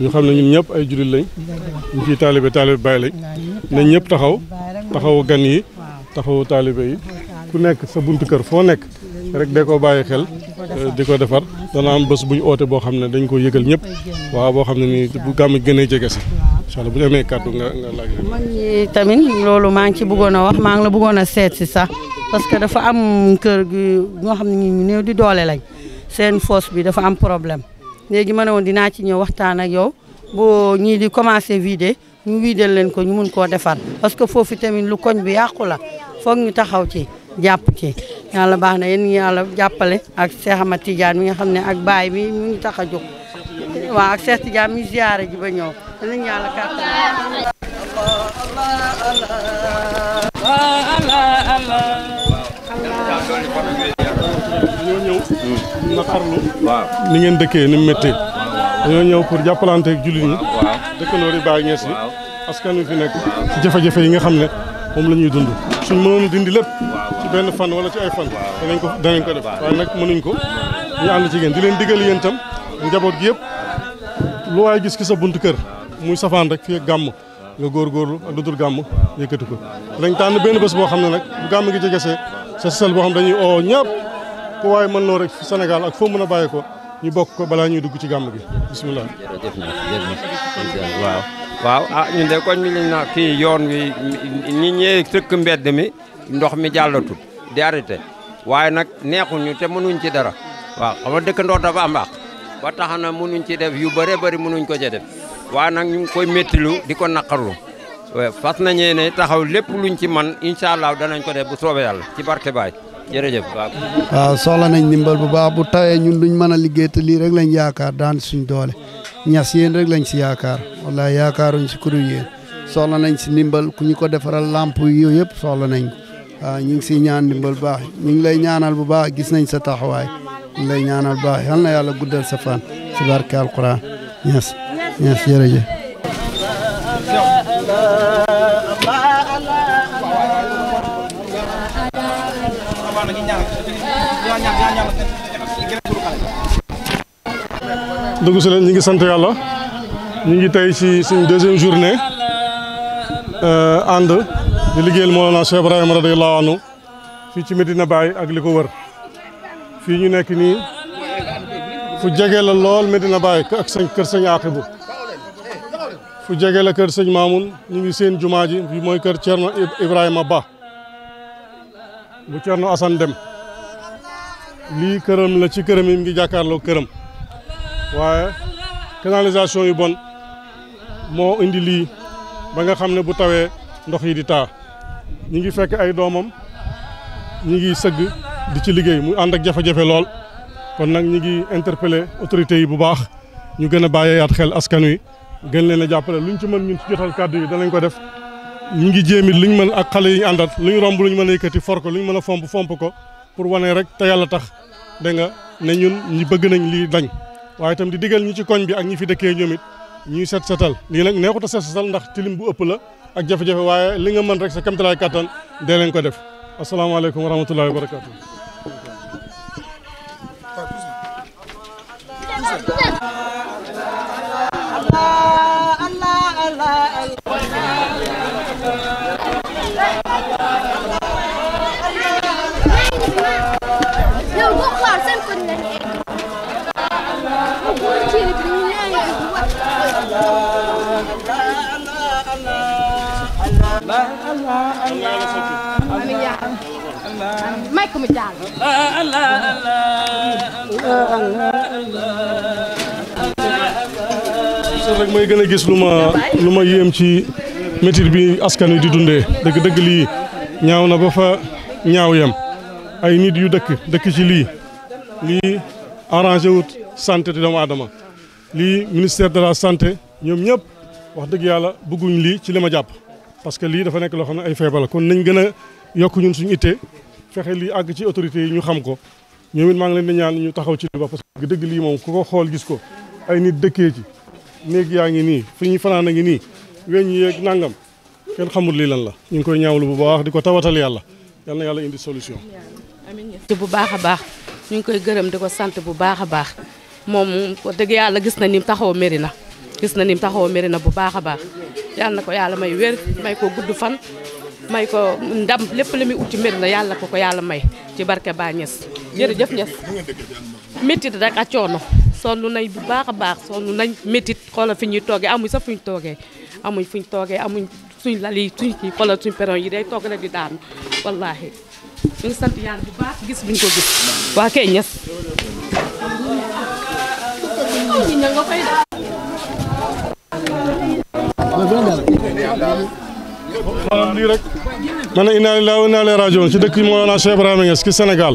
ñu xam ne ñun ñëpp ay jullit lañ ñu ciy taalibe taalibe baay lañ nañ ñëpp taxaw taxawu gan yi taxawu taalibe yi ku nekk sa buntu kër foo nekk rek de ko bàyyi xel eh, di ko defar dana am bés bu ñu oote boo xam ne dañ ko yëgal ñëpp waaw boo xam ne nii bu gàmm gënee jege si incha bu ñu amee kàddu nga nga tamit loolu maa ngi ci bëggoon a wax maa la bëggoon a seet si sax parce que dafa am kër gi xam ne ñu di doole lañ seen foos bi dafa am problème léegi ma ne woon dinaa ci ñëw waxtaan ak yow boo ñii di commencé vider ñu vider leen ko ñu mun koo defar parce que foofu tamit lu koñ bi yàqu la foog ñu taxaw ci jàpp ci yàlla baax na yéen yàlla jàppale ak Cheikh Ahmad Tidiane mi nga xam ne ak baay mi mu ngi tax a jóg waaw ak Cheikh Tidiane mi ziyaare ji ba ñëw danañ yàlla kàttan naqarlu waaw ni ngeen dëkkee ni mu méttee dañoo ñëw pour jàppalante ak jullit ñi dëkkandoo di bàyyi ñees yi askan wi fi nekk ci yi nga xam ne moom la ñuy dund suñ mënoon dindi lépp ci benn fan wala ci ay fan danañ ko danañ ko def waaye nag mënuñ ko ñu ànd ci ngeen di leen digal yéen tam njaboot gi yëpp lu waay gis ki sa bunt kër muy safaan rek fi gàmm nga góorgóorlu ak lu dul gàmm yëkkati ko dañ tànn benn bés boo xam ne nag bu gàmm gi jegesee sa sel boo xam dañuy oo ñëpp ku waaye mën loo rek fi ak foo mën a bàyyi ko ñu bokk ko balaa ñuy dugg ci gàmm gi bisimilah. jërëjëf jërëjëf waaw. waaw a ah, ñun de kon mi ngi yoon wi ñi ñee sëkk mbedd mi ndox mi jàllatul di arrêté waaye nag neexuñu te mënuñ ci dara. waa xam dëkkandoo dafa am àq ba tax na mënuñ ci def yu bëree bëri mënuñ ko ci def waaye nag ñu ngi koy méttilu di ko naqarlu fas nañee ne taxaw lépp luñ ci man incha allah danañ ko def bu soobee yàlla ci barke baay jërëjëf waaw soxla nañ ndimbal bu baax bu tawee ñun duñ mën a liggéey lii rek lañ yaakaar daan suñ doole ñas yéen rek lañ si yaakaar wallaay yaakaaruñ si kuréel yéen soxla nañ si ndimbal ku ñu ko defaral lamp yooyu yëpp soxla nañ waaw ñu ngi siy ñaan ndimbal bu baax ñu ngi lay ñaanal bu baax gis nañ sa taxawaay ñu lay ñaanal bu baax yal na yàlla guddal sa fan si barke alquran ñas ñas jërëjëf dëggu ñu ngi sant yàlla ñu ngi tey si suñ deuxième journée euh, ànd di liggéeyal Mawlana Cheikh Ibrahima radiyallahu anhu fii ci Medina Baye ak li ko fii ñu nekk nii fu jege la lool Medina Baye ak sëñ kër fu jege la kër sëñ Mamoun ñu ngi seen jumaa ji bi mooy kër Thierno Ibrahima Ba bu Thierno Assane Dem lii këram la ci këram yi mu ngi jàkkaarloo këram waaye canalisation yu bon moo indi lii ba nga xam ne bu tawee ndox yi di taa ñi ngi fekk ay doomam ñi ngi sëgg di ci liggéey mu ànd ak jafe lool kon nag ñi ngi interpeller autorités yi bu baax ñu gën a bàyyeeyaat xel askan wi gën leen a jàppale ñu ci mën ñun ci jotal kàddu yi danañ ko def ñi ngi jéemit ñu mën ak xale yi ñu àndat luñ romb luñ mën a yëkkati for ko ñu mën a fomp fomp ko pour wane rek te yàlla tax da nga ne ñun ñi bëgg nañ lii dañ waaye tam di digal ñi ci koñ bi ak ñi fi dëkkee ñoom it ñuy set setal lii nag neexut a set setal ndax tilim bu ëpp la ak jafe-jafe waaye li nga mën rek sa kamtalaay kattan dee ko def asalaamaaleykum wa rahmatullahi wa barakaatu. may ko mu gën a gis lu ma lu ma ci métier bi askan wi di dundee dëgg dëgg lii ñaaw na ba fa ñaaw yem ay nit yu dëkk dëkk ci lii lii arrangé wut santé te doomu aadama lii ministère de la santé ñoom ñëpp wax dëgg yàlla bëgguñ lii ci li ma jàpp parce que lii dafa nekk loo xam ne ay feebar la kon nañ gën a yokk ñun suñu ittee fexe lii àgg ci autorités yi ñu xam ko ñoom it maa ngi leen di ñaan ñu taxaw ci li ba parce que dëgg lii moom ku ko xool gis ko ay nit dëkkee ci néeg yaa ngi nii fi ñuy fanaan a ngi nii weñ yeeg nangam kenn xamul lii lan la ñu ngi koy ñaawlu bu baax di ko tawatal yàlla yal yàlla ñu ngi koy gërëm di ko sant bu baax a baax. moom dëgg yàlla gis na ni taxaw meri na gis na ni taxaw meri na bu baax a baax yàlla na ko yàlla may wér may ko gudd fan may ko ndam lépp li muy ut ci meri na yàlla ko ko yàlla may ci barke Ba Niass jërëjëf Niass métit rek a coono sonn nañ bu baax a baax sonn nañ métit xoolal fi ñuy toogee amuñ sax fuñ toogee amuñ fu ñu toogee amuñ suñ lal yi suñ kii xoolal suñ yi day toog rek di daanu wallaahi ñu ngi sant yàlla bu baax gis buñ ko gis waa kay Niass maanaam lii rek ma ne inna lillahi ci dëkk Mawlana Cheikh Ibrahima Niass ci Sénégal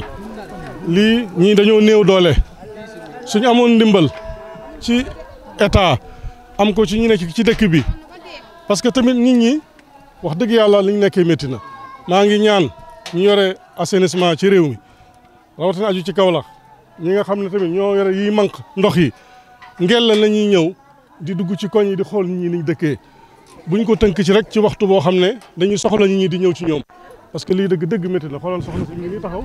lii ñii dañoo néew doole suñu amoon ndimbal ci état am ko ci ñu ci dëkk bi parce que tamit nit ñi wax dëgg yàlla li ñu nekkee métti maa ngi ñaan ñu yore assainissement ci réew mi rawatina aju ci Kaolack ñi nga xam ne tamit ñoo yore yiy manque ndox yi ngel la ñuy ñëw di dugg ci koñ yi di xool ñi niñ dëkkee buñ ko tënk ci rek ci waxtu boo xam ne dañuy soxla ñu ñii di ñëw ci ñoom parce que lii dëgg dëgg métti na xoolal soxna si mi ngi nii taxaw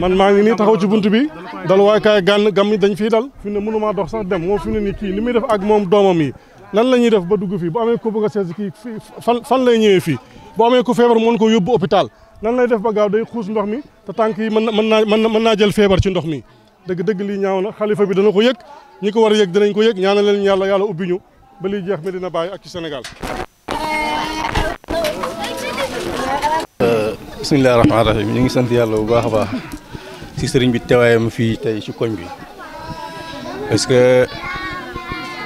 man maa ngi nii taxaw ci bunt bi dal waay kaay gànn gam dañ fiy dal fi ne mënumaa dox sax dem moom fi ne kii li muy def ak moom doomam yi nan la ñuy def ba dugg fi boo amee ko bëgg a seet kii fan fan lay ñëwee fii bu amee ko feebar mën ko yóbbu hôpital nan lay def ba gaaw day xuus ndox mi te tànk yi mën na mën naa mën naa jël feebar ci ndox mi dëgg dëgg lii ñaaw na xalifa bi dana ko yëg ñi ko war a yëg dinañ ko yëg ñaanal leen yàlla yàlla ubbi ñu ba jeex jeex Medina Baye ak ci Sénégal. bisimilah rahmaani rahiim ñu ngi sant yàlla bu baax a baax ci sëriñ bi teewaayam fii tey ci koñ bi parce que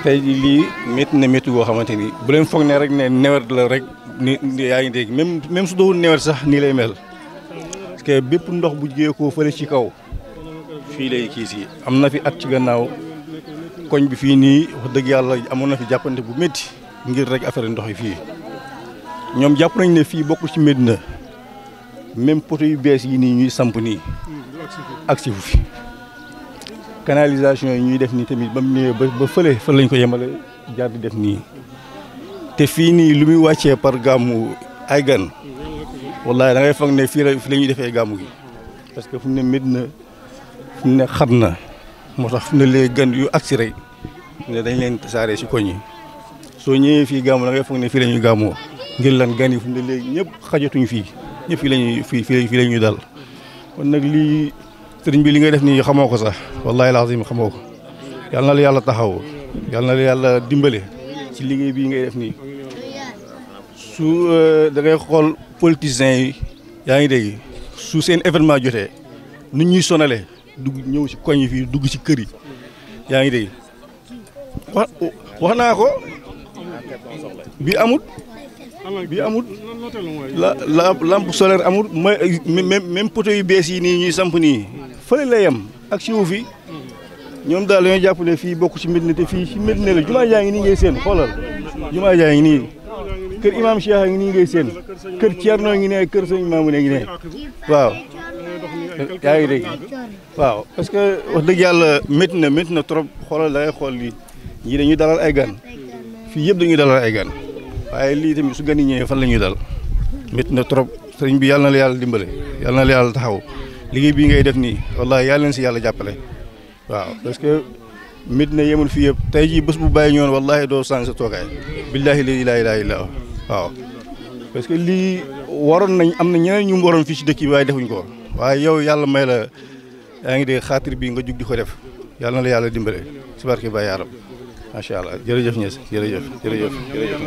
tey lii métti na métti goo xamante ni bu leen foog ne rek ne nawet la rek ni yaa ngi dégg même même su doon nawet sax nii lay mel parce bépp ndox bu koo fële ci kaw fii lay kii si am na fi at ci gannaaw. koñ bi fii nii wax dëgg yàlla amoon na fi jàppante bu métti ngir rek affaire ndox yi fii ñoom jàpp nañ ne fii bokk ci Médina même poto yu bees yi nii ñuy samp nii ak si fu fi canalisation yi ñuy def nii tamit ba mu ñëwee ba ba fële fa lañ ko yemale jaar di def nii te fii nii lu muy wàccee par gàmmu ay gan wallahi da ngay ne fii la fi la defee gàmmu gi parce que fu mu ne Médina fu mu ne xat na. moo tax ne lee gan yu agsi rek ne dañ leen saaree si koñ soo ñëwee fii gàmmu da ngay ne fii la ñuy gàmmoo ngir lan gan yi fu ne léegi ñëpp xajatuñu fii ñëpp fii la ñuy fii fii la ñuy dal kon nag lii sëriñ bi li ngay def nii xamoo ko sax wallaahi lazim xamoo ko yal na la yàlla taxaw yal na la yàlla dimbale ci liggéey bii ngay def ni su euh, da ngay xool politiciens yi yaa ngi dégg su seen événement jotee nu ñuy sonalee dugg ñëw si koñ yi fii dugg ci kër yi yaa ngi dégg wax wax naa ko bi amut bi amut la la lampe solaire amut même même poteau yu bees yi nii ñuy samp nii fële la yem ak si wu ñoom daal dañoo jàpp ne fii bokk ci Médina te fii ci Médina la jumaa jaa ngi nii ngay seen xoolal jumaa jaa ngi nii kër imaam Cheikh a ngi nii ngay seen kër Thierno ngi ne kër sëñ Maamu ne ngi ne waaw yaa ngi dégg waaw parce que wax dëgg yàlla métti na métti na trop xoolal da xool lii ñii dañuy dalal ay gan fii yëpp dañuy dalal ay gan waaye lii tamit su gan yi ñëwee fan la ñuy dal métti na trop sëriñ bi yàlla na la yàlla dimbale yàlla na la yàlla taxaw liggéey bii ngay def nii wallaahi yàlla leen si yàlla jàppale waaw parce que métti na yemul fii yëpp tey jii bés bu bàyyi ñoon wallaahi doo sànni sa toogaay billaahi la ilaaha illa llaah waaw parce que lii waroon nañ am na ñeneen ñu waroon fii ci dëkk defuñ ko waaye yow yàlla may la yaa ngi dégg xaatir bi nga jug di ko def yàlla na la yàlla dimbale si barke Baye Arame macha allah jërëjëf Niass jërëjëf jërëjëf jërëjëf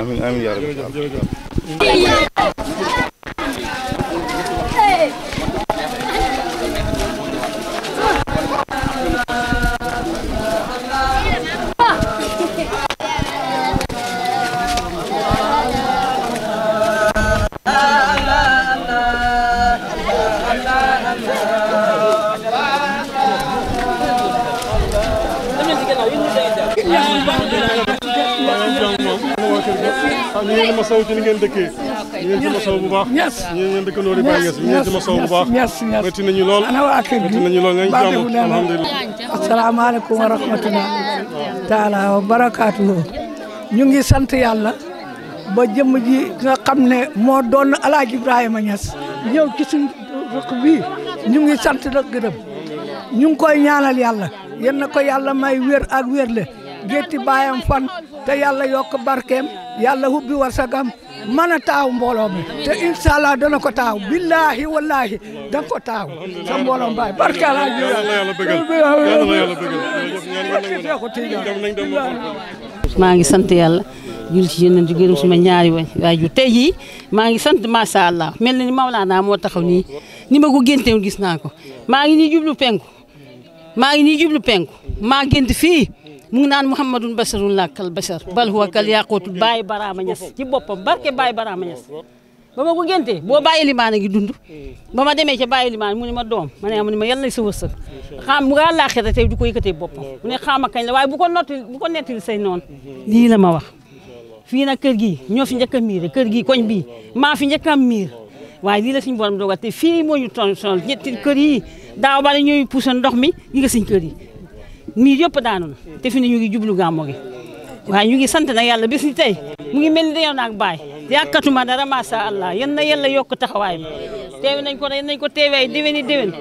amiin amiin yaa rabbi ñu ngi ma saw ci ni ngeen dëkkee ñu ah, ngi ma saw bu baax ma saw bu baax ñu ngi sant yàlla ba jëmm ji nga xam ne moo doon alaaji Ibrahima Niass ñëw ci suñu ñu ngi sant la ñu ngi koy ñaanal yàlla yéen na ko yàlla may wér ak wér le jétti baayam fan te yàlla yokk barkeem yàlla hubbi warsagam mën a taaw mbooloo mi te incha dana ko taaw billahi wallahi dana ko taaw sa mbooloo mbaay barke ala maa ngi sant yàlla jul ci yéen di gërëm suma ñaari way waajur tey jii maa ngi sant macha mel na ni Maolana moo taxaw nii ni ma ko géntewoon gis naa ko maa ngi nii jublu penku maa ngi nii jublu penku maa fii mu ngi naan muhammadun basarun laa kal basar bal huwa kal yaquutu Baye Barama Niass ci boppam barke Baye Barama Niass ba ma ko géntee boo bàyyi limaan a ngi dund ba ma demee ca bàyyi limaan mu ma doom ma ne ma ne ma yàlla sa wërsëg xaam mu ngaa laaxira tey du ko yëkkatee boppam mu ne kañ la waaye bu ko notti bu ko nettali say noonu lii la ma wax fii nag kër gii ñoo fi njëkk a miir kër gii koñ bi maa fi njëkk a miir waaye lii la suñu borom dogal te fii moo ñu ton sonal ñetti kër yi daaw bale ñooy puusal ndox mi li nga suñ kër yi mii yëpp daanu na te fi ne jublu gàmmu gi waaye ñu ngi sant na yàlla bis ni tey mu ngi mel ni dañoo naag baay yàkkatuma dara macha allah yan na yokk taxawaay ma teewe nañ ko yan nañ ko teewaay déwéni déwén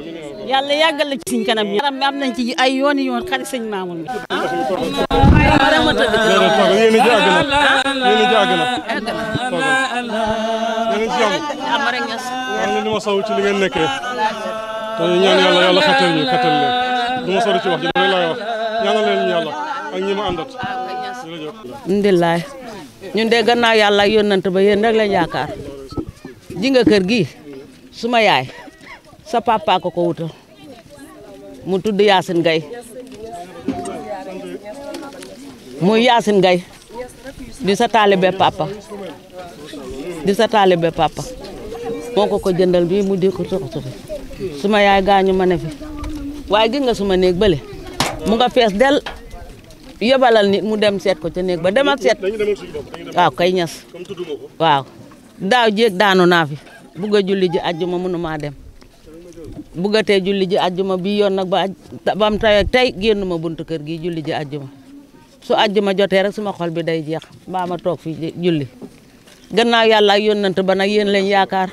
yàlla yàggal la ci suñ kanam ñi aram am nañ ci ay yoon xari sëñ maamul mi yéen a jàgg ci li ngeen du ma sori laay yàlla ak ñi ma ñun de gannaaw yàlla ak ba yéen rek lañ yaakaar ji kër gi suma yaay sa papa ko ko wutal mu tudd Yacine gay muy Yacine gay di sa taalibe papa di sa taalibe papa moo ko ko jëndal bii mu di ko soxla suma yaay gaañu ma ne waye gis nga suma neeg bële mu nga fess del yobalal nit mu dem set ko ci neeg ba dem ak set waaw kay ñas waaw daaw jeek daanu na fi bugg julli ji àjjuma ma dem bugg a tey julli ji aljuma bi yon nak ba bam tay tey génn buntu kër gi julli ji aljuma su aljuma jotee rek suma xol bi day jeex ba ma tok fi julli gannaaw yalla ak yonent ba nak yeen yaakar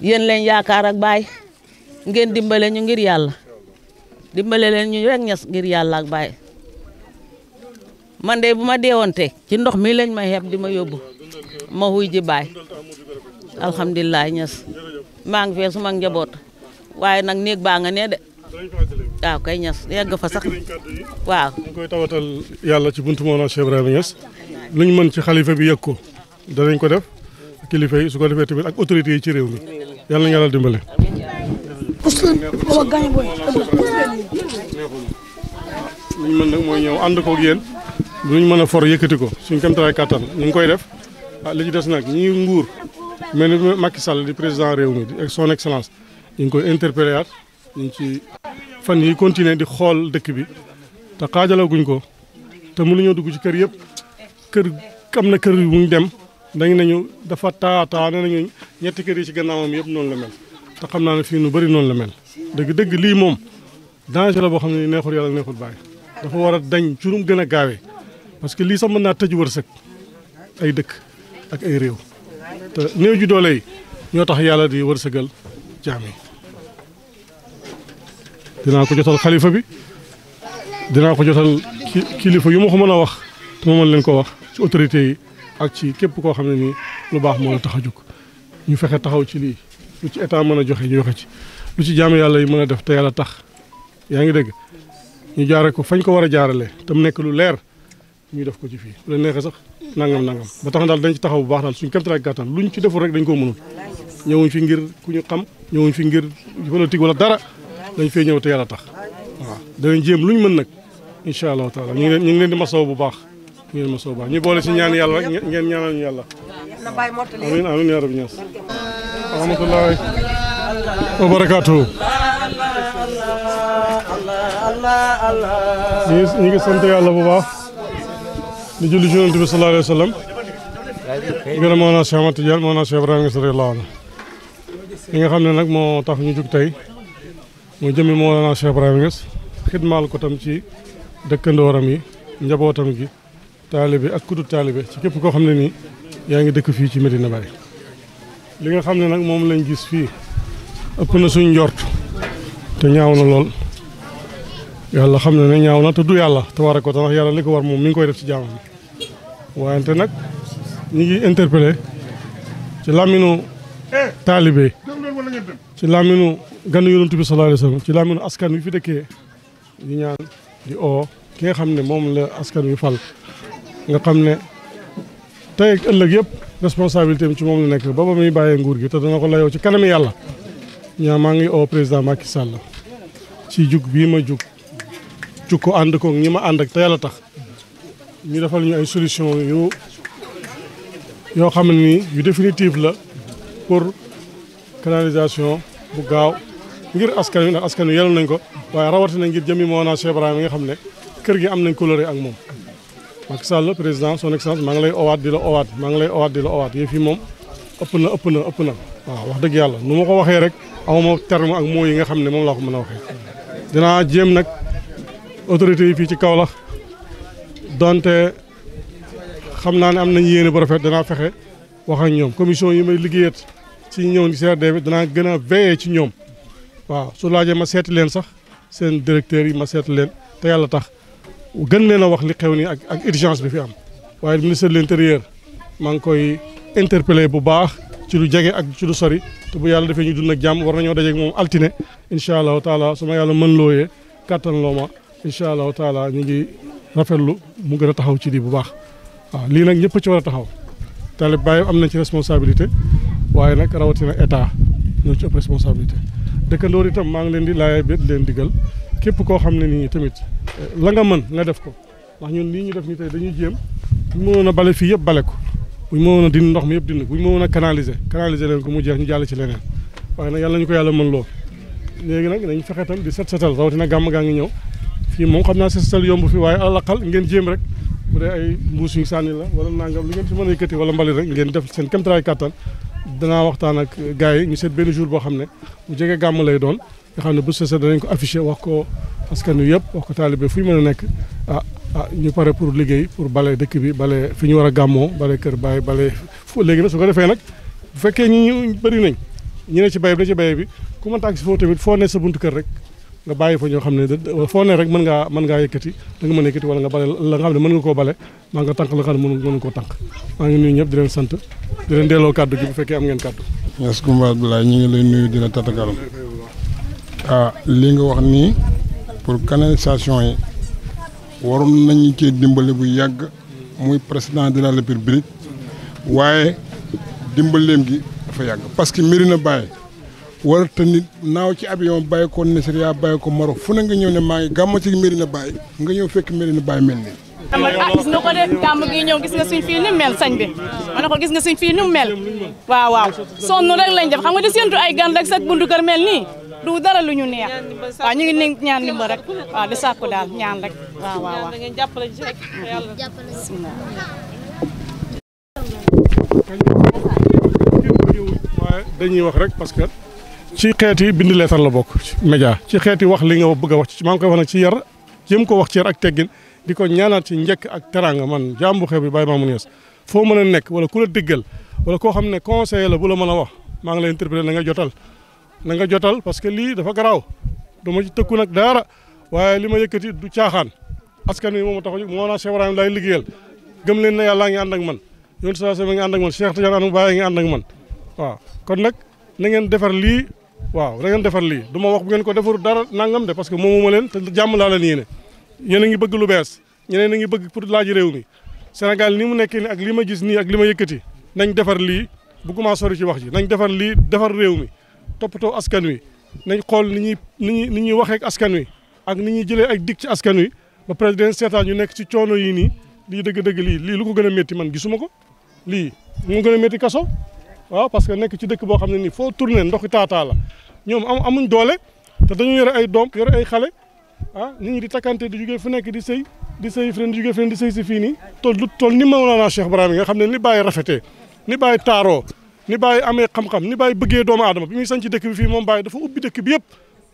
yeen yaakar ak ngeen dimbalé ñu ngir yalla dimbalé len ñu rek ñas ngir yalla ak bay man dé buma déwonté ci ndox mi lañ may xeeb di ma yóbbu ma xuy ji bay alhamdulilah ñas ma ngi fee suma njaboot waaye nak neeg ba nga né dé waaw kay ñas yegg fa sax waaw. ñu koy tawatal yalla ci buntu Mawlana Cheikh ibrahim Niass luñ mën ci khalifa bi yekko dañ ko def kilifa yi su ko defé tamit ak autorité yi ci réew mi yàlla na yàlla dimbale. pousse leen ñu mën nag mooy ñëw ànd koog yéen luñ mën a for yëkkati ko suñ kamtalaay kàttan ñu ngi koy def ah li ci des nag ñi nguur mel ni makki Sall di président réew mi ak son excellence ñu ngi koy interpellé at ñu ngi ci fan yi continuer di xool dëkk bi te xaajalaguñ ko te nu mënuñoo dugg ci kër yëpp kër am na kër yu ñu dem dañ nañu dafa taataa ne nañu ñetti kër yi ci gannaawam yëpp noonu la mel te xam naa ne fii nu bëri noonu la mel dëgg dëgg lii moom danger la boo xam ne neexul yàlla neexul bàyyi dafa war a dañ curum gën a gaawe parce que lii sax mën naa tëj wërsëg ay dëkk ak ay réew te néew ju doole yi ñoo tax yàlla di wërsëgal jaam yi dinaa ko jotal xalifa bi dinaa ko jotal kilifa yu ma ko mën a wax te ma mën leen ko wax ci autorité yi ak ci képp koo xam ne nii lu baax moo la tax a jóg ñu fexe taxaw ci lii lu ci état mën a joxe ñu joxe ci lu ci jaamu yàlla yi mën a def te yàlla tax yaa ngi dégg ñu jaare ko fañ ko war a jaarale te nekk lu leer ñu def ko ci fii la neexee sax nangam nangam ba tax daal dañ ci taxaw bu baax daal suñ kéemtalaay gàttan luñ ci deful rek dañ koo mënul ñëwuñ fi ngir ku ñu xam ñëwuñ fi ngir politique wala dara dañ fee ñëw te yàlla tax waaw danañ jéem luñ mën nag incha allahu taala ñu ngi leen ñu ngi leen di masaw bu baax ñu ngi leen masaw boole si ñaan yàlla rek ngeen ñaanal ñu yàlla amiin amiin yaa rabbi ñaas wa rahmatullahi wa ngi ñu sant yàlla bu baax. di julli ci yonent bi sallallahu alayhi wa sallam. gërëm nga xam ne nag moo tax ñu jug tey mu jëmi Mawlana Cheikh Ibrahima Niass xidmaal ko tam ci dëkkandooram yi njabootam gi taalibe ak kudu taalibe ci képp koo xam ne nii yaa ngi dëkk fii ci Medina Baye li nga xam ne nag moom lañ gis fii ëpp na suñ njort te ñaaw na lool yàlla xam ne ne ñaaw na te du yàlla tabaaraka wa taala yàlla li ko war moom mi ngi koy def si jaamam waayante nag ñi ngi interpellé ci làmmiñu taalibe ci làmmiñu ganu yonent bi sallallahu alayhi wasallam ci làmmiñu askan wi fi dëkkee di ñaan di oo ki nga xam ne moom la askan wi fal nga xam ne tey ak ëllëg yëpp responsabilité bi ci moom la nekk ba ba muy bàyyee nguur gi te dana ko layoo ci kanami yàlla ñaa maa ngi oo président Macky Sall ci jug bii ma jug jug ko ànd ko ñi ma ànd ak te yàlla tax ñu defal ñu ay solution yu yoo xam ni yu définitive la pour canalisation bu gaaw ngir askan wi ndax askan wi yelal nañ ko waaye rawatina ngir jëmmi Mawlana Cheikh Ibrahima nga xam ne kër gi am nañ coloré ak moom Macky Sall président son excellence maa ngi lay owaat di la owaat maa ngi lay owaat di la owaat yëf yi moom ëpp na ëpp na ëpp na waaw wax dëgg yàlla nu ma ko waxee rek amuma terme ak mots yi nga xam ne moom laa ko mën a waxee. danaa jéem nag autorités yi fii ci Kaolack donte xam naa ne am nañ yéene bu rafet danaa fexe wax ak ñoom commission yi may liggéeyat si ñëw ci CRD bi danaa gën a veiller ci ñoom waaw su laajee ma seeti leen sax seen directeurs yi ma seeti leen te yàlla tax. gën leen a wax li xew nii ak ak urgence bi fi am waaye ministre de l'intérieur maa ngi koy interpellé bu baax ci lu jege ak ci lu sori te bu yàlla defee ñu dund ak jàmm war nañoo dajeeg moom altine incha allahu taala su ma yàlla mën looyee kàttan loo ma incha taala ñu ngi rafetlu mu gën a taxaw ci di bu baax waaw lii nag ñëpp ci war a taxaw talib Baye am nañ ci responsabilité waaye nag rawatina état ñoo ci ëpp responsabilité dëkkandoor itam maa ngi leen di laaya bi leen digal képp koo xam ne nii tamit eh, la nga mën nga def ko ndax ñun nii ñu def ñu tey dañuy jéem bu ñu mënoon a bale fii yëpp bale ko bu ñu mënoon a dindi ndox mi yëpp dindi bu ñu mënoon a canaliser canaliser leen ko mu jeex ñu jàll ci leneen waaye nag yàlla ñu ko yàlla mën loo léegi nag dañu fexe tam di set setal rawatina gàmm gaa ngi ñëw fii moom xam naa set setal yomb fii waaye alaqal ngeen jéem rek bu dee ay mbuus yu sànni la wala nangam li ngeen ci mën a yëkkati wala mbalit rek ngeen def seen kéemtalaay kattan danaa waxtaan ak gars yi ñu seet benn jour boo xam ne jege gàmm lay doon nga xam ne bu sese danañ ko affiché wax ko askan wi yëpp wax ko taalibe fu ñu mën a nekk ah ah ñu pare pour liggéey pour bale dëkk bi bale fi ñu war a gàmmoo bale kër baay bale fu léegi nag su ko defee nag bu fekkee ñi ñu bëri nañ ñu ne ci bay tamit foo ne sa buntu kër rek nga bàyyi fa ñoo xam ne foo ne rek mën mën ngaa a yëkkati wala nga bale la nga xam ne mën nga koo bale maa nga tànk la nga xam ñëpp di sant di leen delloo kàddu gi bu fekkee am ngeen kàddu. Yes Kumba Abdoulaye ñu ngi nuyu di la tatakaram ah li nga wax nii pour canalisation yi waroon nañu ci dimbali bu yàgg muy président de la république waaye dimbaleem gi dafa yàgg parce que Médina Baye warata nit naaw ci avion bàyyi ko Nigeria bàyyi ko Maroc fu ne nga ñëw ne maa ngi gàmmu ci Médina Baye nga ñëw fekk Médina Baye mel nii ah, mel sañ bi ma ko gis nga suñ fii ni mu mel waaw waaw sonn rek lañ def xam nga di séntu ay gan rek sax buntu kër mel nii du dara lu neex waaw ñu ngi ne ñaan dimba rek waaw di sàkku daal ñaan rek waaw waaw waaw dañuy wax rek parce que ci xeeti bind leetar la bokk média ci xeeti wax li nga bëgg a wax ci maa koy wax ci yar jëm ko wax ci yar ak teggin ñaanal ci ak teranga man xew bi wala wala conseiller la bu la wax lay nga jotal na nga jotal parce que li dafa garaaw dama ci tëkku nag dara waye lima ma du tiaxan askan mi moom taxu mo na Cheikh ibrahim lay liggéeyal gëm leen na yalla nga and ak man yon sa sama nga and ak man Cheikh Tidiane anou Baye nga and ak man waaw kon nak na ngeen defar li waaw na ngeen defar li duma wax bu ngeen ko defaru dara nangam de parce que mo leen te jàmm la la yéene yéen a ngi bëgg lu bees ñeneen nga bëgg pour laaj rew mi senegal ni mu nekk ni ak li gis ni ak lima ma nañ defar li bu ma sori ci wax ji nañ defar li defar rew mi toppatoo askan wi nañ xool ni ñuy ni ñuy ni ñuy waxee askan wi ak ni ñuy jëlee ay dig ci askan wi ba président seetaan ñu nekk ci coono yii nii lii dëgg-dëgg lii lii lu ko gën a métti man gisuma ko lii mu gën a métti kaso waaw parce que nekk ci dëkk boo xam ne nii foo tourné ndoxi taataa la ñoom am amuñ doole te dañu yore ay doom yore ay xale ah nit ñi di takkante di jugee fu nekk di sëy di sëy fii di jugee fii di sëy si fii nii. tool du tool ni Mawlana Cheikh Ibrahima nga xam ne ni bàyyi rafetee ni bàyyi taaroo ni Baye amee xam-xam ni Baye bëggee doomu adama bi muy sañ ci dëkk bi fii moom Baye dafa ubbi dëkk bi yëpp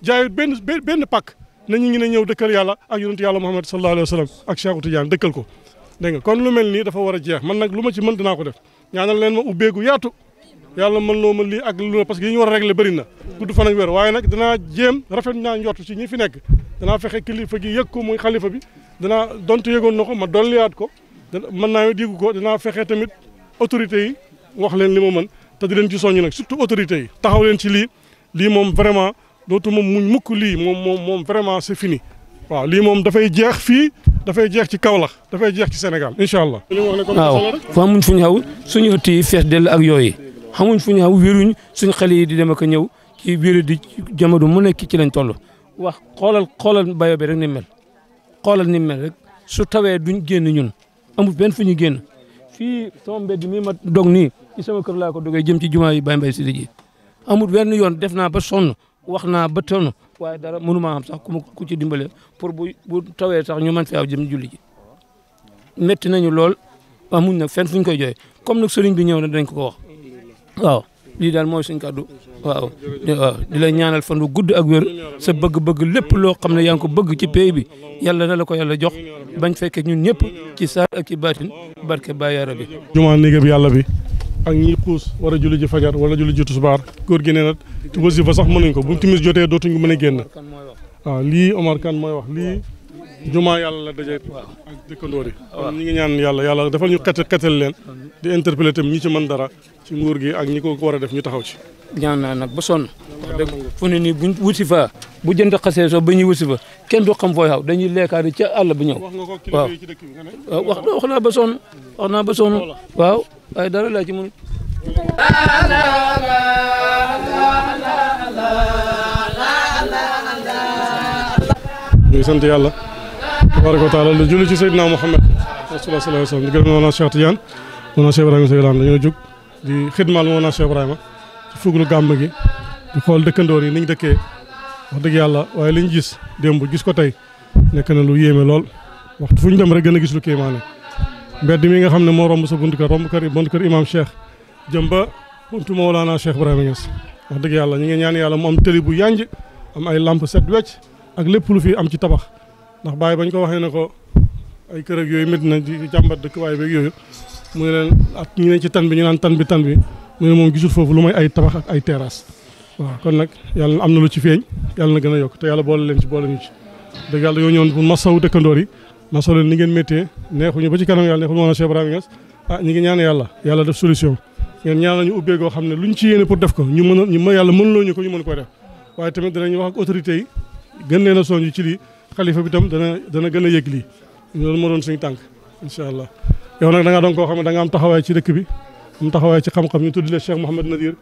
jaayut benn benn pàkk na ñu ngi ne ñëw dëkkal yàlla ak yonent yàlla Muhammad sallallahu alayhi wa sallam ak Cheikh Tidiane dëkkal ko dégg nga kon lu mel nii dafa war a jeex man nag lu ma ci mën dinaa ko def ñaanal leen ma ubbeeku yaatu yàlla mën loo ma lii ak lu parce que yi ñu war a régler bëri na gudd fan ak waaye nag danaa jéem rafet naa njort ci fi nekk danaa fexe kilifa gi yëg ko muy xalifa bi dana donte yëgoon na ko ma dolliyaat ko mën naa yëgu ko danaa fexe tamit autorité yi wax leen li ma mën te di leen ci soññu nag surtout autorités yi taxaw leen ci lii lii moom vraiment dootu moom muñ mukk lii moom moom moom vraiment c'est fini waaw lii moom dafay jeex fii dafay jeex ci Kaolack dafay jeex ci Sénégal incha allah. waaw fa amuñ fu ñu xaw suñu ëtt yi fees dell ak yooyu xamuñ fu ñu xaw wéruñ suñu xale yi di dem ak ñëw ci wéru di jamono mu nekk ci lañ toll. wax xoolal xoolal bayo bi rek ni mel xoolal ni mel rek su tawee duñ génn ñun amul benn fu ñu génn. fii sama mbedd mii ma dog nii ci sama kër laa ko dogee jëm ci jumaa yi Baye Mbaye Cissé ji amul wenn yoon def naa ba sonn wax naa ba tonn waaye dara mënu ma am sax ku ma ku ci dimbale pour bu bu tawee sax ñu mën fee aw jëm julli ji métti nañu lool wax muñ nag fenn fu ñu koy jooyee comme nag sëriñ bi ñëw na dañ ko ko wax lii dal moy suñ kaddu waaw waaw di la ñaanal fan gudd ak wër sa bëgg-bëgg lépp loo xam ne yaa ngi ko bëgg ci pays bi yàlla na la ko yàlla jox bañ fekke ñun ñëpp ci saar ak ci baatin barke bi jumaa néegab yàlla bi ak ñi xuus war julli ji fajar wala julli ji bar. góor gi nee vasak fa sax mënuñ ko bu timis jotee dootuñ mën a génn waaw lii Omar kan mooy wax lii juma yàlla la daje ak dëkkandoor yi ñu ngi ñaan yàlla yàlla defal ñu xetal leen di interpeller tam ñi ci mën dara ci nguur gi ak ñi ko war a def ñu taxaw ci. ñaan naa nag ba sonn wax dëgg fu ne nii buñ wuti faa bu jënd xasee soo ba ñuy wuti fa kenn du xam fooy xaw dañuy leekaari ca àll bi ñëw. waaw wax wax naa ba sonn wax naa ba sonn waaw waaye dara laa ci mënut. ñu ngi sant yàlla tabaraka wa taala lu julli ci Seydina Mouhamed sallallahu alayhi wa sallam di gërëm naa Cheikh Tidiane naa Cheikh Ibrahima Seydina dañoo jóg di xidmaal moo naa Cheikh Ibrahima ci fuglu gàmm gi di xool dëkkandoor yi niñ dëkkee wax dëgg yàlla waaye liñ gis démb gis ko tey nekk na lu yéeme lool waxtu fu ñu dem rek gën a gis lu kéemaane mbedd mi nga xam ne moo romb sa buntu kër romb kër buntu kër imam Cheikh jëm ba buntu Mawlana Cheikh Ibrahima Niass wax dëgg yàlla ñu ngi ñaan yàlla mu am tëli bu yanj am ay làmp set wecc ak lépp lu fi am ci tabax ndax bàyyi bañ ko waxee ne ko ay kër ak yooyu mit na di jàmbat dëkk waaye beeg mu ne leen ak ñu ne ci tan bi ñu naan tan bi tan bi mu ne moom gisul foofu lu may ay tabax ak ay terrasse waaw kon nag yàlla am na lu ci feeñ yal na gën a yokk te yàlla boole leen ci boole ñu ci dëgg yàlla yoo ñëwoon pour masaw dëkkandoor yi masaw leen ni ngeen méttee neexuñu ba ci kanam yàlla ah, ngi ñaan yàlla yàlla def solution ngeen ñaan nañu ubbee goo xam ne lu luñ ci yéene pour def ko ñu mën ñu yàlla mën loo ñu ko ñu mën ko def waaye tamit danañ wax ak autorité yi gën leen a soññ ci lii xalifa bi tam dana dana gën a yëg lii loolu moo doon suñu tànk incha allah yow nag da nga doon koo xam ne da am taxawaay ci dëkk bi am taxawaay ci xam-xam ñu tudd la Cheikh Mouhamed Nadir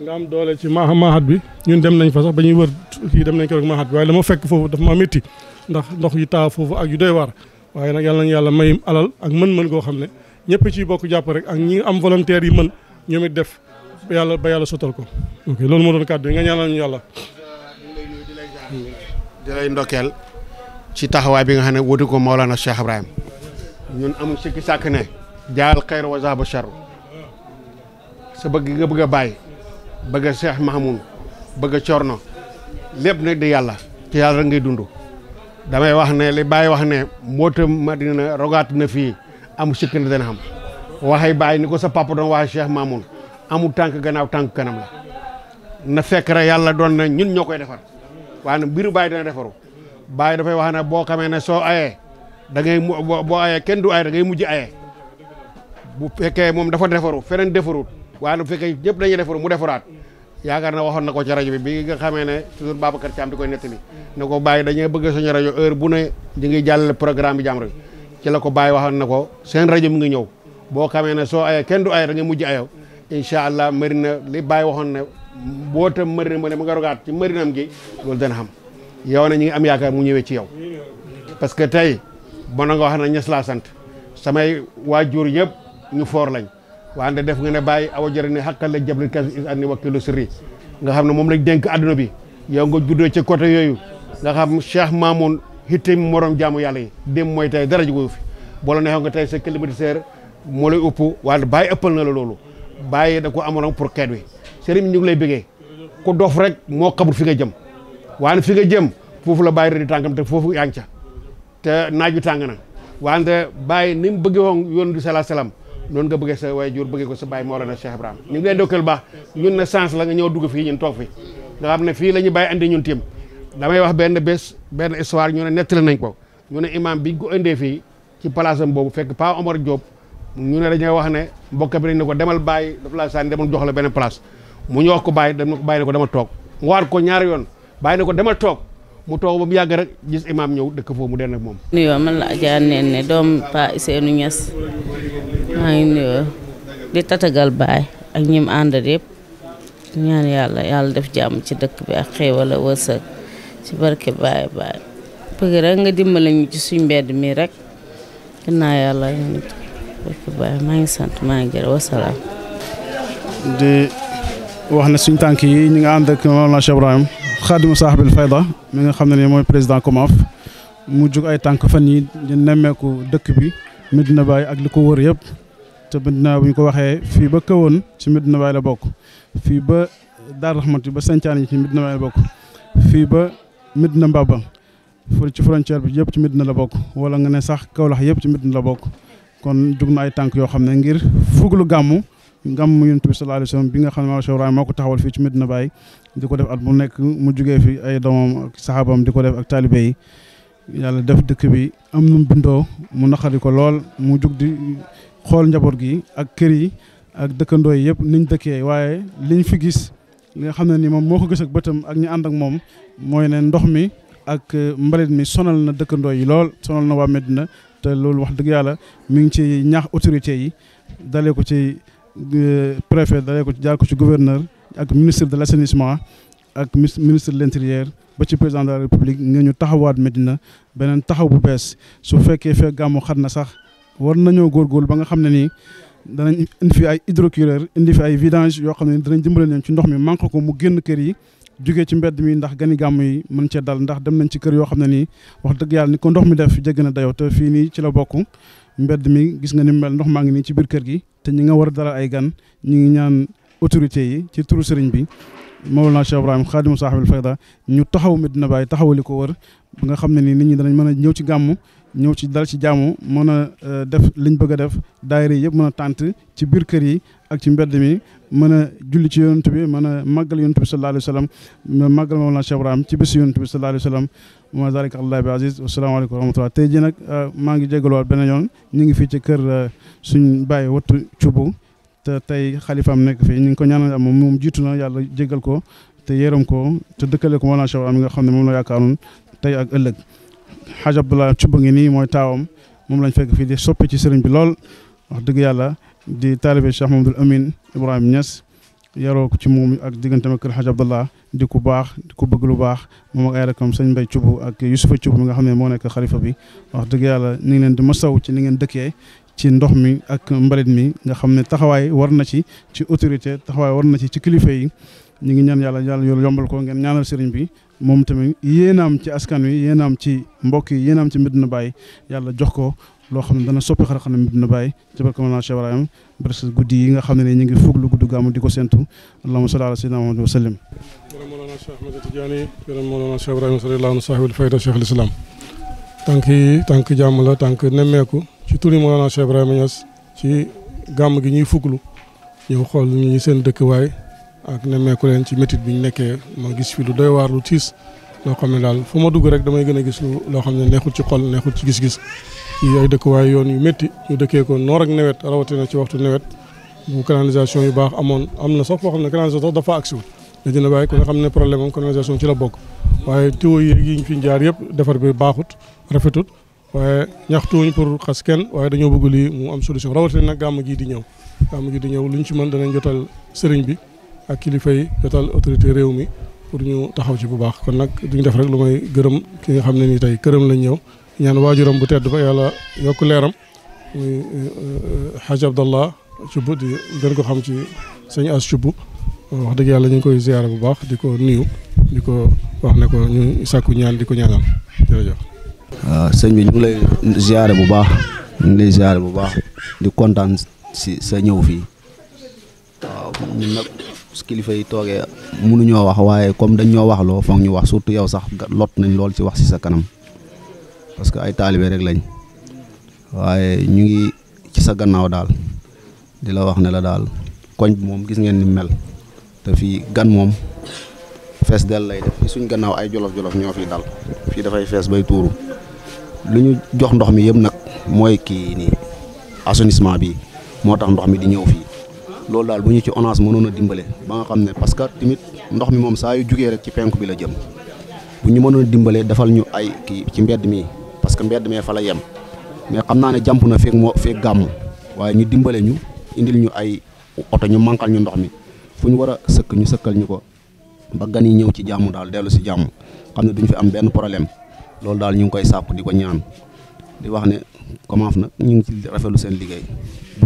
nga am doole ci ma maahat bi ñun dem nañ fa sax ba ñuy wër kii dem nañ ko rek maahat bi waaye la ma fekk foofu daf ma métti ndax ndox yi taa foofu ak yu doy waar waaye nag yàlla nañ yàlla may alal ak mën-mën goo xam ne ñëpp ciy bokk jàpp rek ak ñi am volontaire yi mën ñoom it def ba yàlla ba yàlla sotal ko ok loolu moo doon kàddu yi nga ñaanal ñu yàlla di ci taxawaay bi nga xam ne wuti ko Mawlana Cheikh Ibrahim ñun amul sikki sàkk ne jaal xayr wa zaaba char sa bëgg nga bëgg a bàyyi bëgg a Cheikh bëgg a corno lépp nag di yàlla ci yàlla ngay dund damay wax ne li bàyyi wax ne mbootam Madina rogaat na fii amul sikk ne dana xam waxee bàyyi ni ko sa papa doon waxee Cheikh Mamoun amul tànk ganaaw tànk kanam la na fekk rek yàlla doon na ñun ñoo koy defar waaye nag mbiru bàyyi dana defaru bàyyi dafay wax ne boo xamee ne soo ayee da ngay mu boo ayee kenn du ay ngay mujj ayee bu fekkee moom dafa defaru feneen defarut waaye bu fekkee ñëpp dañuy defaru mu defaraat yaakaar na waxoon na ko ci rajo bi bi nga xamee ne toujours Babacar Thiam di koy nettali na ko bàyyi dañuy bëgg suñu rajo heure bu ne ñu ngi jàllale programme bi jàmbur ci la ko bàyyi waxoon na ko seen rajo mu ngi ñëw boo xamee ne soo aye kenn du ay da ngay mujj ayoo incha allah mari na li bàyyi waxoon ne bootam mari na ma ne ma nga rogaat ci marinam gi loolu dana xam yow na ñu ngi am yaakaar mu ñëwee ci yow bon na nga wax ne ñes laa sant samay waajur yëpp ñu foor lañ wante def nga ne bàyyi awa jëri ne xàqal la jabli kas is anni wakkilu sirri nga xam ne moom lañ dénk adduna bi yow nga juddoo ci côté yooyu nga xam Cheikh Mamoun xittim morom jaamu yàlla yi dem mooy tey dara jugu fi boo la neexoon nga tey sa climatiseur moo lay upp wante bàyyi ëppal na la loolu bàyyi da ko amoon pour xeet wi sëriñ ñu ngi lay bëggee ku dof rek moo xamul fi nga jëm waane fi nga jëm foofu la bàyyi rek di tànkam te foofu yaa te bi tàng na wante bàyyi ni mu bëggee woon yoon bi salaa salaam noonu nga bëggee sa waaye jur bëggee ko sa bàyyi moo Cheikh Ibrahima ñu ngi leen dokkal baax ne chance la nga ñëw dugg fii ñun toog fi nga xam fii la ñu bàyyi andi ñun tim damay wax benn bés benn histoire ñu ne nettali nañ ko ñu ne imam bi ko indee fii ci place am boobu fekk Pa Omar Diop ñu ne dañoo wax ne mbokk bi dañ ko demal bàyyi dafa laa sànni demal jox la benn place mu ñu wax ko bàyyi dañ ko bàyyi ne ko dama toog mu waar ko ñaari yoon bàyyi ne ko demal toog mu toog ba mu yàgg rek gis imam ñëw dëkk foofu mu den ak moom. nuyoo man la Adja ne doom Pa Ousseynou Niass maa ngi nuyoo di tatagal baay ak ñim àndal yëpp ñaan yàlla yàlla def jàmm ci dëkk bi ak xéewal a wërsëg ci barke baay baay bëgg rek nga dimbale ñu ci suñ mbedd mi rek gannaaw yàlla barke baay maa ngi sant maa ngi jërë wasalaam. di wax ne suñ tànk yi ñu ngi ànd ak Mawlana Cheikh Ibrahim sax saaxibil fayda mi nga xam ne ni mooy président COMAF mu jug ay tànk fan yi nemmeeku dëkk bi Medina Baye ak li ko wër yëpp te Medina bu ñu ko waxee fii ba kawoon ci Medina Baye la bokk fii ba Daar Rahmati ba Sancaan yi ci Medina Baye la bokk fii ba Medina Mbaba ci frontière bi yëpp ci Medina la bokk wala nga ne sax Kawlax yëpp ci Medina la bokk kon jug na ay tànk yoo xam ne ngir fuglu gàmmu ngam mu bi sallallahu alayhi wa bi nga xam ne maam Cheikh moo ko taxawal fii ci Medina Baye di ko def at mu nekk mu jugee fi ay doomam ak saxaabam di ko def ak taalibe yi yàlla def dëkk bi am nu bindoo mu naqari ko lool mu jug di xool njaboot gi ak kër yi ak dëkkandoo yi yëpp niñ dëkkee waaye liñ fi gis li nga xam ne ni moom moo ko gis ak bëtam ak ñu ànd ak moom mooy ne ndox mi ak euh, mbalit mi sonal na dëkkandoo yi lool sonal na waa Medina te loolu wax dëgg yàlla mi ngi ci ñaax autorité yi préfet dalee ko jaar ci gouverneur ak ministre de la assainissement ak ministre de l' intérieur ba ci président de la république nga ñu taxawaat Médina beneen taxaw bu bees su fekkee fee gàmmu xat na sax war nañoo góor ba nga xam ne nii danañ indi fi ay hydrocureur indi fi ay vidange yoo xam ne danañ dimbale leen ci ndox mi manqué ko mu génn kër yi jóge ci mbedd mi ndax gani gàmm yi mën cee dal ndax dem nañ ci kër yoo xam ne nii wax dëgg yàlla ni ko ndox mi def jégg na dayoo te fii nii ci la bokk mbedd mi gis nga ni mel ndox maa ngi nii ci biir kër gi te ñi nga war a dalal ay gan ñu ngi ñaan autorité yi ci turu sëriñ bi Mawlana Cheikh Ibrahim Xaadimu Saaxibil Fayda ñu taxaw dina Baye taxaw li ko war ba nga xam ne ni nit ñi danañ mën a ñëw ci gàmmu ñëw ci dal ci jàmm mën a euh, def liñ bëgg a def daayira yëpp mën a tànt ci biir kër yi ak ci mbedd mi mën a julli ci yonent bi mën a màggal yonent bi sallallahu alayhi wa sallam màggal Mawlana Cheikh Ibrahim ci bés yonent bi sallallahu alayhi wa sallam ma zalika allah bi aziz wasalaamaaleykum wa rahmatullah tey jii nag euh, maa ngi jégaluwaat beneen yoon ñu ngi fii ci kër euh, suñ bàyyi wattu cubu te tey xalifaam nekk fii ñu ngi ko ñaanal moom moom jiitu na yàlla jégal ko te yéeram ko te dëkkale ko Mawlana Cheikh Ibrahim nga xam ne moom la yaakaaroon tey ak ëllëg xaj Abdullah cubu ngi nii mooy taawam moom lañ fekk fii di soppe ci sëriñ bi lool wax dëgg yàlla di taalibe Cheikh Mamadou Amine Ibrahima Niass yaroo ko ci moom ak diggante ma kër Hadj Abdallah di ku baax di ku bëgg lu baax moom ak ay rakam sëñ Mbaye Thioub ak Youssoufa Thioub mi nga xam ne moo nekk xalifa bi wax dëgg yàlla ni ngi leen di ma saw ci ni ngeen dëkkee ci ndox mi ak mbalit mi nga xam ne taxawaay war na ci ci autorité taxawaay war na ci ci kilifa yi ñu ngi ñaan yàlla yàlla yombal ko ngeen ñaanal sëriñ bi moom tamit yéenaam ci askan wi yéenaam ci mbokk yi yéenaam ci Medina Baye yàlla jox ko loo xam ne dana soppi xar xanam bi na bàyyi ci barke yi nga xam ne ne ñu ngi foog lu gudd gàmm di ko séntu allahumma salli ala sayyidina Muhammad wa sallim gërëm Mawlana Cheikh Ahmad Tidiane gërëm Mawlana yi tànk jàmm la tànk nemmeeku ci turi Mawlana Cheikh Ibrahima Niass ci gàmm gi ñuy fuglu ñëw xool ñi seen dëkkwaay ak nemmeeku leen ci métit bi ñu nekkee ma gis fi lu doy waar lu loo xam ne daal foo ma dugg rek damay gën a gis loo xam ne neexul ci xol neexul ci gis-gis yi ay dëkkuwaay yoon yu métti ñu dëkkee ko noor ak nawet rawatina ci waxtu nawet bu canalisation yu baax amoon am na sax foo xam ne canalisation sax dafa agsiwul dañu ne waaye ne problème am canalisation ci la bokk waaye tuyaux yi ñu fi jaar yëpp defar bi baaxut rafetut waaye ñaxtuwuñ pour xas kenn waaye dañoo bëgg lii mu am solution rawatina nag gàmm gii di ñëw gàmm di ñëw luñ ci mën danañ jotal sëriñ bi ak kilifa yi jotal autorité réew mi pour ñu taxaw ci bu baax kon nag duñu def rek lu may gërëm ki nga xam ne nii tey këram lañ ñëw ñaan waajuram bu tedd ba yàlla yokk leeram muy eh, eh, Hadj Abdallah Thioub di gën ko xam ci sëñ As Thioub wax dëgg yàlla ñu ngi koy ziyaara bu baax di ko nuyu di ko wax ne ko ñu ñaan di ko ñaanal jërëjëf. Ah, sëñ bi ñu ngi lay ziyaare bu baax ñu ngi bu baax di kontaan si sa ñëw fii waaw ah, ñun nag kilifa yi toogee mënuñoo wax waaye comme dañ ñoo wax loo foog ñu wax surtout yow sax lot nañ lool ci wax si sa kanam. parce que ay talibé rek lañ waye ñu ngi ci sa gannaaw dal di wax ne la dal koñ mom moom gis ngeen ni mel te fi gan mom, fess del lay def fi suñ gannaaw ay jolof jolof ño fi dal fi fay fess bay touru luñu jox ndox mi yëm nak moy ki ni assainissement bi motax ndox mi di ñëw fi lool dal buñu ci onance mënoon a dimbale ba nga xamné ne parce que timit ndox mi mom sa yu juggé rek ci penku bi la jëm buñu defal ñu ay ki ci mbéd mi que mbedd mee fa la yem mais xamna naa ne jàmp na feeg mo feeg gam waye ñu dimbalé ñu indil ñu ay auto ñu mankal ñu ndox mi fuñ wara war sëkk ñu sëkkal ñuko ba gani yi ñëw ci jàmm dal dellu ci jàmm xam duñ fi am benn problème lool dal ñu ngi koy sapp diko ñaan di wax ne commence nak ñu ngi ci rafetlu seen liggéey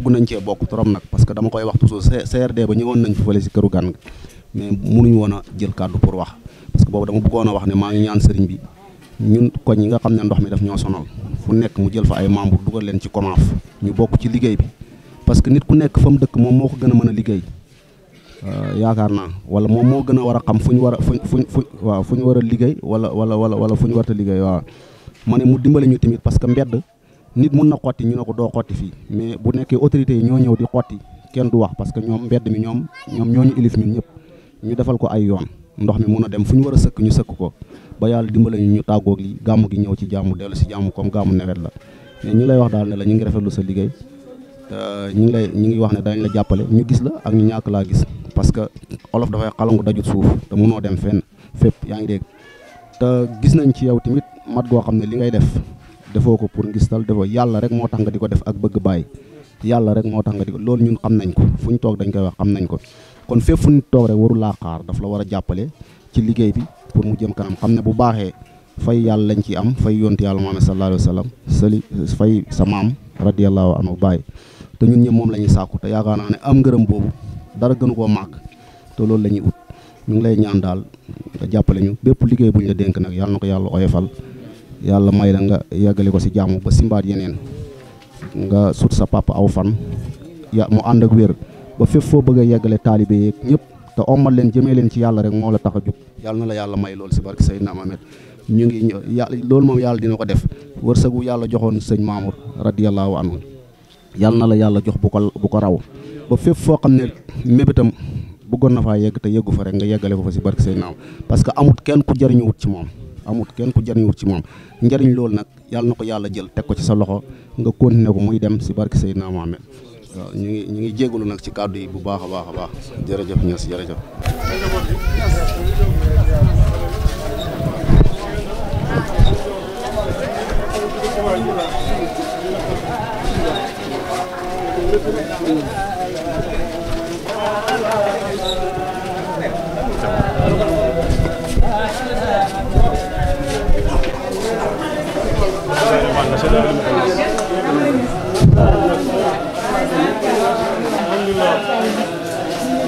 bugg nañ ci bokk torom nak parce que dama koy wax toujours CRD ba ñëwon nañ fi fële ci këru gan mais mënuñu wona jël kàddu pour wax parce que bobu dama bëggona wax ne ma ngi ñaan sëriñ bi ñun koñ yi nga xam ne ndox mi daf ñoo sonal fu nekk mu jël fa ay membre dugal leen ci CONAF ñu bokk ci liggéey bi parce que nit ku nekk fa mu dëkk moom moo ko gën a mën a liggéey euh, yaakaar naa wala moom moo gën a war a xam fu ñu war a fuñ fuñ waaw fu ñu war a liggéey wala wala wala wala fu ñu war a liggéey waaw ma ne mu dimbale ñu tamit parce que mbedd nit mun na xotti ñu ne ko doo xotti fii mais bu nekkee autorités yi ñoo ñëw di xotti kenn du wax parce que ñoom mbedd mi ñoom ñoom ñoo ñu ilif ñun ñëpp ñu defal ko ay yoon ndox mi mun a dem fu ñu war a sëkk ñu sëkk ko ba yalla dimbalé ñu taggo ak li gamu gi ñew ci jamu delu si jamu comme gamu nawet la mais ñu lay wax daal né la ñu ngi rafetlu sa liggéey ñu ngi lay ñu ngi wax né dañ la jappalé ñu gis la ak ñu ñak la gis parce que olof fay xalangu dajut suuf te mëno dem fenn fep yaa ngi dégg te gis nañ ci yow timit mat go xamné li ngay def defo ko pour ngistal defo yalla rek mo tax nga diko def ak bëgg yalla yalla rek mo tax nga diko ko ñun xam nañ ko fuñ tok dañ koy wax xam nañ ko kon fepp fuñ tok rek waru la xaar daf la wara jappalé ci liggéey bi pour mu jëm kanam xamne bu baxé fay yalla lañ ci am fay yonti yalla Muhammad sallallahu alaihi wasallam sali fay sa maam radiyallahu anhu bay te ñun ñëpp mom la ñuy te ne am ngërëm bobu dara gënu ko màgg te loolu la ut ñu ngi lay ñaan dal da jàppale ñu bépp liggéey bu ñu la dénk nag yàlla na may la nga yagalé ko ci jàmm ba simbaat yenen nga sut sa papa aw fan ya mu and ak wër ba fepp fo bëgg yagalé talibé taalibe te ommal leen jëmee leen ci yàlla rek moo la tax a jóg yàlla na la yàlla may lool si barke Seydina Mohamed ñu ngi ñëw yàlla lool moom yàlla dina ko def wërsëgu yàlla joxoon sëñ Mamour radiyallahu anhu yàlla na la yàlla jox bu ko bu ko raw ba fépp foo xam ne mébétam bëggoon na faa yegg te yeggu fa rek nga yeggale ko fa si barke Seydina parce que amut kenn ku jëriñuwut ci moom amut kenn ku jëriñuwut ci moom njëriñ loolu nag yàlla na ko yàlla jël teg ko ci sa loxo nga continuer ko muy dem si barke Seydina Mohamed ñu ngi ñu ngi jégalu nag ci kàddu yi bu baax a baax a baax jërëjëf Niass jërëjëf.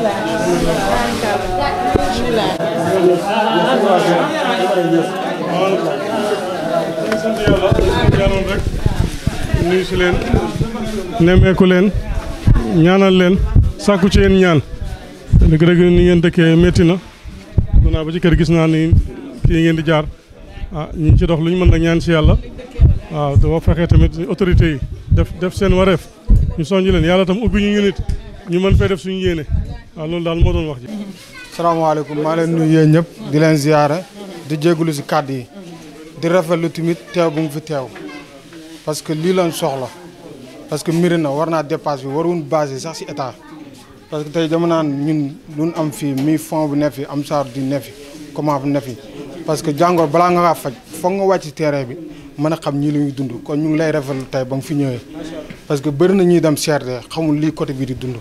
sant yàlla ñaanal si leen nemmeeku leen ñaanal leen sàkku ci yéen ñaan dëgg-dëgg ni ngeen dëkkee metti na naa ba ci kër gis naa ni fii ngeen di jaar ah ñu ngi ci dox lu ñu mën nag ñaan si yàlla waaw dama fexe tamit autorité yi def def seen wareef ñu soññi leen yàlla tam ubbi ñu nit ñu mën fee def suñu yéene waaw loolu daal moo doon wax ji. salaamaaleykum maa leen nuyu yéen ñëpp di leen ziyaare di jégalu si kàddu yi di rafetlu tamit teew bu mu fi teew parce que lii lañ soxla parce que mbiri na war naa dépasse bi waruñu basé sax si état parce que tey dama naan ñun luñ am fii mi fond bu ne fi am saar di ne fi comment bu ne parce que jàngoor balaa nga kaa faj foog nga wàcc terrain bi mën a xam ñii la ñuy dund kon ñu ngi lay rafetlu tey ba mu fi ñëwee parce que bëri na ñuy dem CRD xamul lii côté bii di dund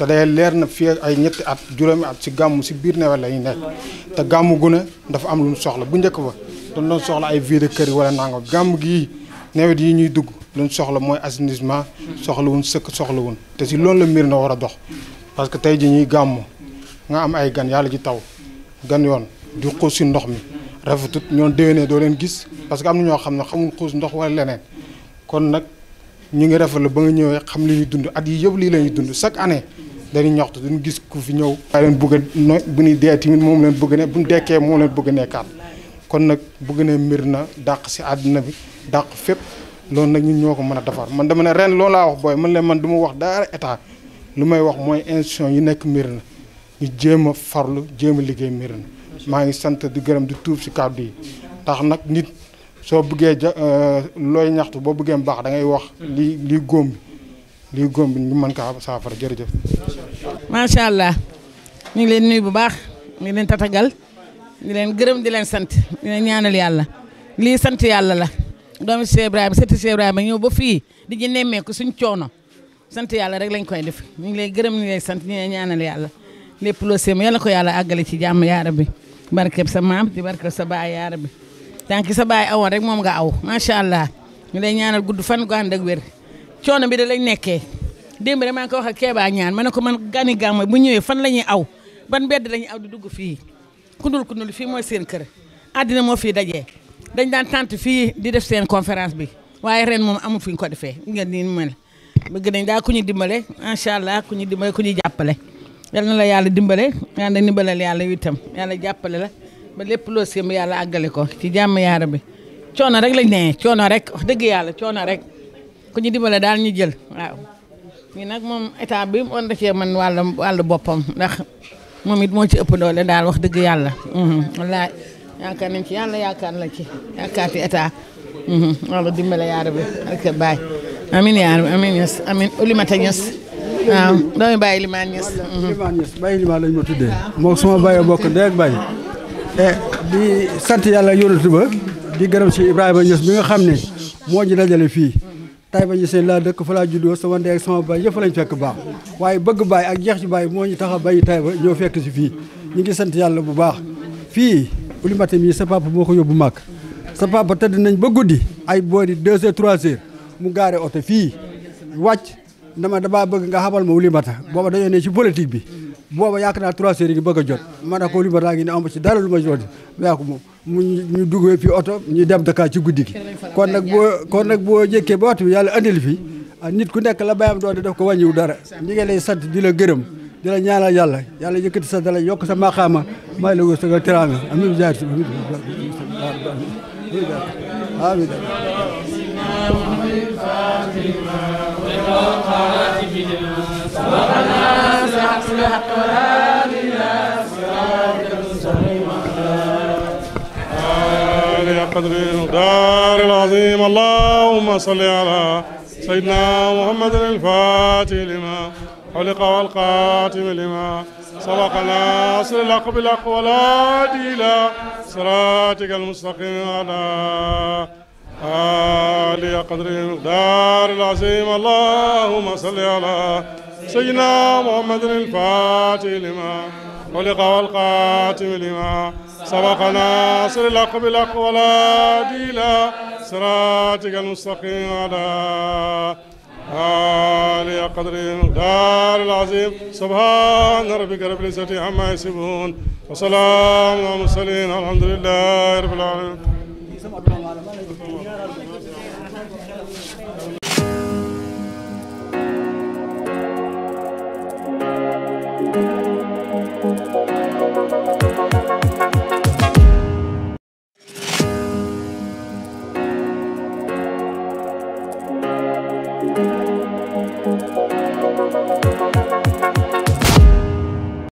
te day leer na fi ay ñetti at juróomi at si gàmm si biir nawet la ñuy nekk te gàmm gu dafa am lu mu soxla bu njëkk ba dañ doon soxla ay vie de kër yi wala nangam gàmm gii nawet yi ñuy dugg luñ soxla mooy assainissement soxla wuñ sëkk soxla wuñ te si loolu la mbir na war a dox parce que tey ji ñuy gàmmu nga am ay gan yàlla ji taw gan yoon di xuus si ndox mi rafetut ñoon déwénee doo leen gis parce que am na ñoo xam ne xamul xuus ndox wala leneen kon nag ñu ngi rafetlu ba nga ñëwee xam li ñuy dund at yi yëpp lii la ñuy dund chaque année dañuy ñaxtu duñu gis ku fi ñëw. maa leen bëgg a bu ñuy dee tamit moom leen bëgg ne bu ñu dekkee moom bëgg nekkaat kon nag bëgg ne mbir na dàq si àddina bi dàq fépp loolu nag ñun ñoo ko mën a defar man dama ne ren loolu laa wax booy man leen man du ma wax dara état lu may wax mooy institution yi nekk mbir na ñu jéem a farlu jéem a liggéey mbir na maa ngi sant di gërëm di tuub si kàddu yi tax nag nit soo buggee ja euh, looy ñaxtu boo bëggee mbaax da ngay wax. lii lii góom bi liy góob ñu mën kaa saafara jërëjëf. macha allah ñu ngi leen nuyu bu baax ñu ngi leen tatagal di leen gërëm di leen sant di leen ñaanal yàlla lii sant yàlla la. doomi Cheikh Ibrahima sëti Cheikh Ibrahima ñëw ba fii di ñu suñ coono sant yàlla rek lañ koy def ñu ngi lay gërëm ñu ñaanal yàlla lépp loo séem yàlla ko yàlla àggale ci jàmm yaa rabbi barkeb sa maam di barkeb sa baay yaa rabbi tànki sa baay awoon rek moom nga aw macha allah ñu lay ñaanal gudd fan gu ànd ak wér coono bi da lañ nekkee démb rek maa ngi ko wax ak Kéba ñaan ma ne ko man gani gàmmu bu ñëwee fan la ñuy aw ban bedd la ñuy aw di dugg fii kundul kundul fii mooy seen kër addina moo fii dajee dañ daan tant fii di def seen conférence bi waaye ren moom amul fi ñu ko defee ngeen nii mel bëgg nañ daa ku ñu dimbale incha allah ku ñu dimbale ku ñu jàppale yal na la yàlla dimbale yàlla dimbalal yàlla itam yàlla jàppale la ba lépp loo sémb yàlla àggale ko ci jàmm yaara bi coono rek lañ nee wax dëgg yàlla coono rek ku ñi dimbalé daal ñi jël waaw ñi nak mom état bi on da ci man walu walu bopam ndax momit mo ci ëpp doole daal wax dëgg yalla hmm wallahi yaakaar nañ ci yalla yaakaar la ci yaakaar ci état wàllu mhm. dimbalé ya rabbi ak baay amin ya rabbi amin yes amin uli mata ñes waaw doomi bàyyi limaan ñes limaan ñes bàyyi limaan lañ ma tuddé mo sama bàyyi bokk dé ak eh di sant yalla yónatu ba di gërëm ci Ibrahima Niass bi nga xam ne moo ñu dajale fii Taïba Niassène laa dëkk fa laa juddoo sama ndey ak sama baay yëpp fa lañ fekk baax waaye bëgg baay ak jeex ci baay moo ñu tax a bàyyi Taïba ñoo fekk si fii ñu ngi sant yàlla bu baax fii ulimate mii sa papa moo ko yóbbu màkk sa papa tëdd nañ ba guddi ay boori deux heures trois heures mu gaare oto fii wàcc dama damaa bëgg nga xamal ma ulimata booba dañoo ne ci politique bi booba yaakaar naa trois heures yi bëgg jot ma ne ko li ma daa ngi ne am ma jot yaaku moom mu ñu duggee fii oto ñu dem Dakar ci guddi kon nag boo kon nag boo jëkkee ba bi yàlla andil fi ah, nit nekk la bayam doon def ko wàññiwu dara ñi ngi lay sant di la gërëm di la ñaanal yàlla yàlla sa dala yokk sa maqaama may la wërsëg ak teraanga amiin jaar والطاعات بهما صراطك المستقيم قدر العظيم اللهم صل على سيدنا محمد الفاتح لما خلق والقاتم لما سبق أصل الحق بالحق ولا ديلا صراطك المستقيم على علي قدر المقدار العظيم اللهم صل على سيدنا محمد الفاتح لما خلق والقاتم لما سبق ناصر الحق بالحق ولا ديلا صراطك المستقيم على علي قدر المقدار العظيم سبحان ربك رب العزة عما يصفون وسلام على المرسلين الحمد لله رب العالمين